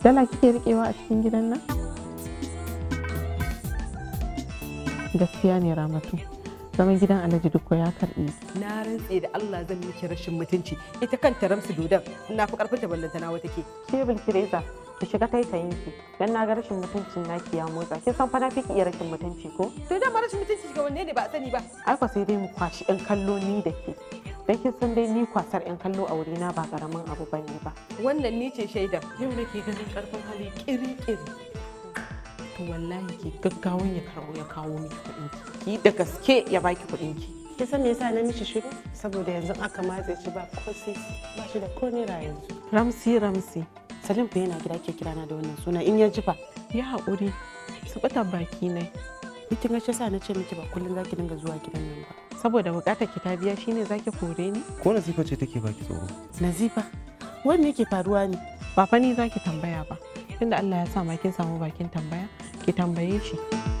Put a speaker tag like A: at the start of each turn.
A: dala kike rikewa a cikin gidan nan gaskiya ne ramatu zaman gidan alhaji dukko ya karbi na rantse da Allah zan miki rashin mutunci ita kanta ramsu dodon na fi karfin da ballanta na wata ke ki bilkireza ki shiga taitayin ki dan na ga rashin mutuncin naki ya motsa kin san fa na fi iya rashin mutunci ko to ma rashin mutunci ga wanne ne ba a sani ba ai sai dai mu kwashi ɗan kallo ni da ke da san dai ni kwasar 'yan kallo a wurina ba karamin abu bane ne ba wannan ni ce shaida yau nake ganin karfin hali kiri-kiri to wallahi ke gaggawan ya kawo ya kawo miki kuɗin ki da gaske ya baki kuɗin ki ki san me yasa na mishi shiru saboda yanzu aka matse shi ba ko sai ba shi da komai naira ramsi ramsi salim fa yana gida ke kirana da wannan suna in ya ji fa ya haƙuri su baki ne kin ga shi yasa na ce miki ba kullun zaki dinga zuwa gidan nan ba saboda bukatar ki ta biya shine zaki kore ni ko nazifa ce take baki tsoro nazifa wanne yake faruwa ne ba fa ni zaki tambaya ba tunda Allah ya sa ma kin samu bakin tambaya ki tambaye shi